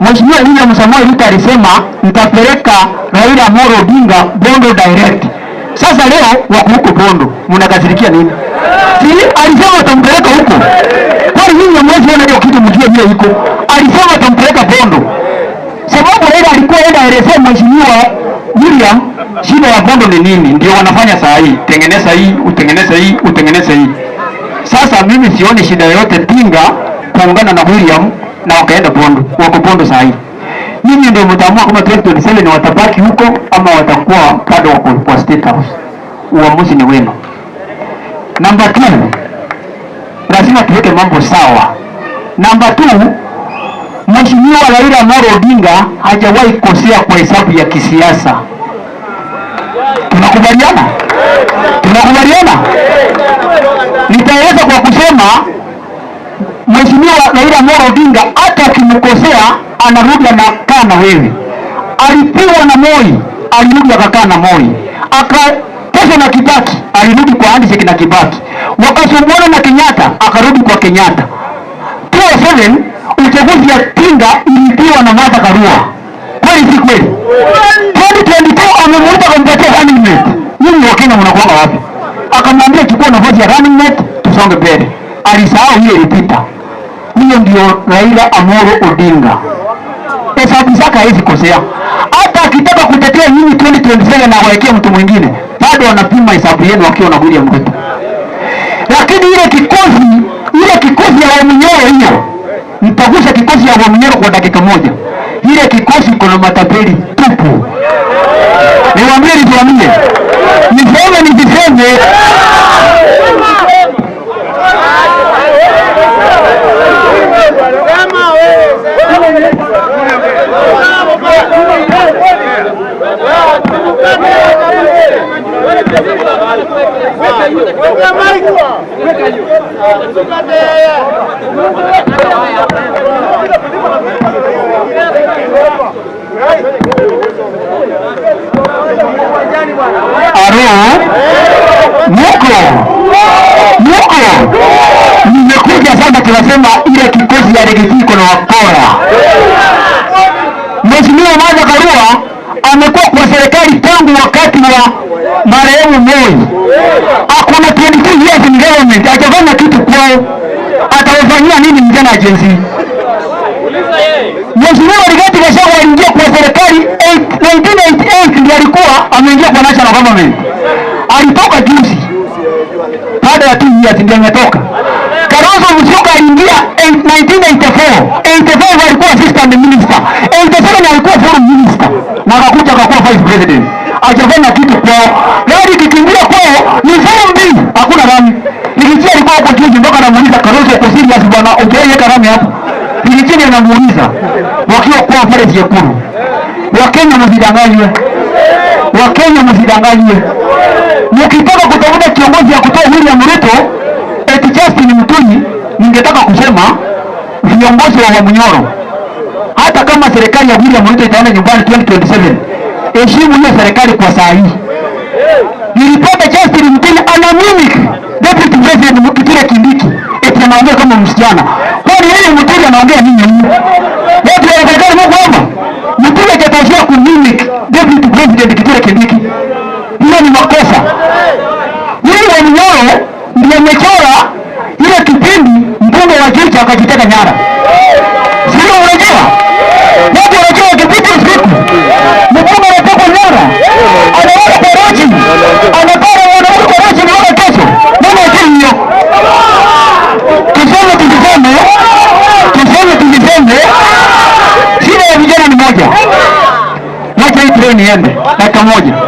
Mheshimiwa William Samoei Ruto alisema nitapeleka Raila Amolo Odinga Bondo direct. Sasa leo wako huko Bondo, mnakasirikia nini? Si alisema atampeleka huko. Kwani nyinyi hamwezi ona hiyo kitu mjue hiyo iko? Alisema atampeleka Bondo. Sababu Raila alikuwa enda aelezea Mheshimiwa William shida ya Bondo ni nini? Ndio wanafanya saa hii. Tengeneza hii, utengeneza hii, utengeneza hii. Sasa mimi sioni shida yoyote pinga kuungana na William na wakaenda pondo, wako pondo saa hii. Ninyi ndio mtaamua kama 2027 watabaki huko ama watakuwa bado wako kwa State House. Uamuzi ni wenu. Namba 2, lazima tuweke mambo sawa. Namba 2, Mheshimiwa Raila Amolo Odinga hajawahi kosea kwa hesabu ya kisiasa. Tunakubaliana? Tunakubaliana? Nitaeleza kwa kusema Mheshimiwa Raila Amolo Odinga hata ukimkosea anarudi anakaa na wewe. Alipigwa na Moi, alirudi akakaa na Moi, akateswa na Kibaki, alirudi kwa handshake na Kibaki, wakasumbuana na Kenyatta, akarudi kwa Kenyatta. 2007 uchaguzi ya Tinga ilipigwa na Martha Karua, kweli si kweli? 2022 amemuita kumpatia running mate. Nyinyi wa Kenya mnakuwa wapi? Akamwambia chukua nafasi ya running mate, tusonge mbele. Alisahau hiyo ilipita huyo ndio Raila Amolo Odinga. Hesabu zake hawezi kosea. Hata akitaka kutetea nyinyi 2027 na kuwekea mtu mwingine, bado wanapima hesabu yenu wakiwa na William Ruto. Lakini ile kikosi, ile kikosi ya Waminyoro hiyo, mtagusa kikosi ya Waminyoro kwa dakika moja. Ile kikosi kuna matapeli tupu. Niwaambie, niwaambie. Niseme nisiseme nimekuja sana tunasema ile kikosi ya REGISTRI iko na wakora. Mheshimiwa Martha Karua amekuwa kwa serikali tangu wakati wa hakuna PNP yet in government, hajafanya kitu kwao, atawafanyia nini vijana ajenzi? Gen Z? Mheshimiwa Rigathi Gachagua aliingia kwa serikali 1988 ndiye alikuwa ameingia kwa national government, alitoka juzi baada ya two years ndiye ametoka. Kalonzo Musyoka aliingia 1984, 85 alikuwa assistant minister, 87 alikuwa foreign minister na akakuja akakuwa vice president, ajafanya kitu Mama ukiaje karamu hapo? Pilipili anamuuliza wakiwa kwa pale jekuru. Wakenya msidanganywe. Wakenya msidanganywe. Mkitaka kutafuta kiongozi ya kutoa ya Ruto eti Justin Muturi, ningetaka kusema viongozi wa Wamunyoro, hata kama serikali ya ya Ruto itaenda nyumbani 2027, heshimu hiyo serikali kwa saa hii. Nilipata Justin Muturi ana mimic deputy president Kithure Kindiki anaongea kama msichana. Kwani yeye mtiri anaongea nini? Watu wanataka Mungu hapa. Mtiri akatashia kunini Deputy President Kithure Kindiki. Hiyo ni makosa. Yeye wanyoro ndiye amechora ile kipindi mbunge wa Juja akajiteka nyara. mesmo. Né, Camões?